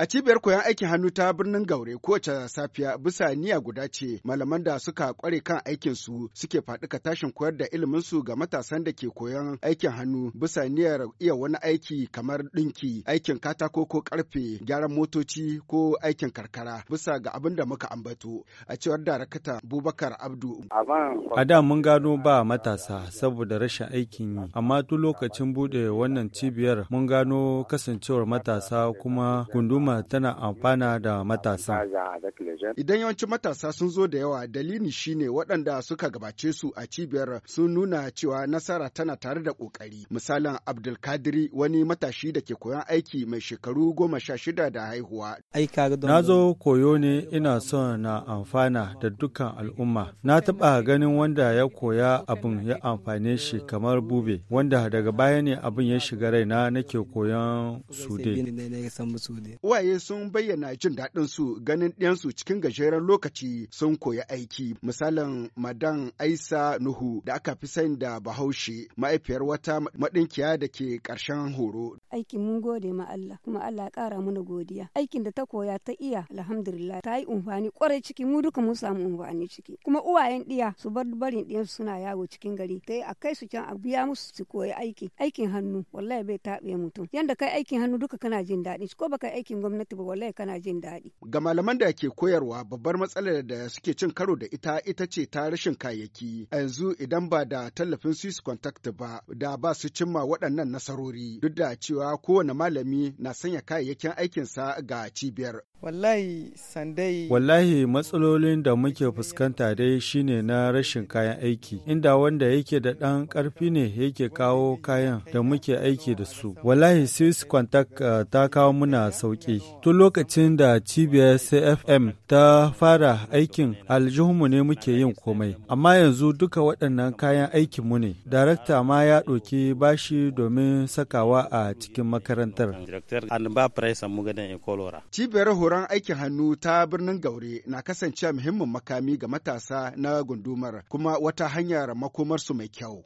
A cibiyar koyon aikin hannu ta birnin Gaure kowace safiya bisa niyya guda ce malaman da suka kware kan aikin su suke faɗika tashin koyar da ilimin su ga matasan da ke koyon aikin hannu bisa niyyar iya wani aiki kamar ɗinki, aikin katako ko karfe, gyaran motoci ko aikin karkara bisa ga abin da muka ambato. A cewar darakta Bubakar Abdu. A da mun gano ba matasa saboda rashin aikin yi, amma tun lokacin buɗe wannan cibiyar mun gano kasancewar matasa kuma gunduma al'umma tana amfana da matasa. Idan yawancin matasa sun zo da yawa dalili shine waɗanda suka gabace su a cibiyar sun nuna cewa nasara tana tare da ƙoƙari. Misalin Abdulkadiri wani matashi da ke koyon aiki mai shekaru goma sha shida da haihuwa. Na zo koyo ne ina son na amfana da dukkan al'umma. Na taɓa ganin wanda ya koya abin ya amfane shi kamar bube wanda daga baya ne abin ya shiga raina nake koyon sude. Uwaye sun bayyana jin daɗin su ganin ɗiyansu cikin gajeren lokaci sun koya aiki. Misalin Madan Aisa Nuhu da aka fi sani da Bahaushe, ma'aifiyar wata maɗinkiya da ke ƙarshen horo. Aikin mun gode ma Allah, kuma Allah ya ƙara mana godiya. Aikin da ta koya ta iya, alhamdulillah, ta yi umfani kwarai ciki mu duka mun samu umfani ciki. Kuma uwayen ɗiya su bar barin ɗiyansu suna yawo cikin gari, ta yi a kai su can a biya musu su koyi aiki. Aikin hannu, wallahi bai taɓe mutum. Yanda kai aikin hannu duka kana jin daɗi, ko baka aikin gwamnati ba wallahi kana jin daɗi. Ga malaman da ke koyarwa babbar matsalar da suke cin karo da ita ita ce ta rashin kayayyaki. A yanzu idan ba da tallafin Swiss Contact ba da ba su cimma waɗannan nasarori duk da cewa kowane malami na sanya kayayyakin aikinsa ga cibiyar Wallahi sandai. Wallahi matsalolin da muke fuskanta dai shine na rashin kayan aiki, inda wanda yake da ɗan ƙarfi ne yake kawo kayan da muke aiki da su. Wallahi Swiss Contact eh, ta kawo muna sauƙi. Tun lokacin da cibiyar CFM ta fara aikin aljihunmu ne muke yin komai, amma yanzu duka waɗannan kayan aikin mu ne. Darakta ma ya ɗauki bashi domin sakawa a cikin makarantar. Cibiyar horon aikin hannu ta birnin Gaure na kasancewa muhimmin makami ga matasa na gundumar kuma wata hanyar makomarsu mai kyau.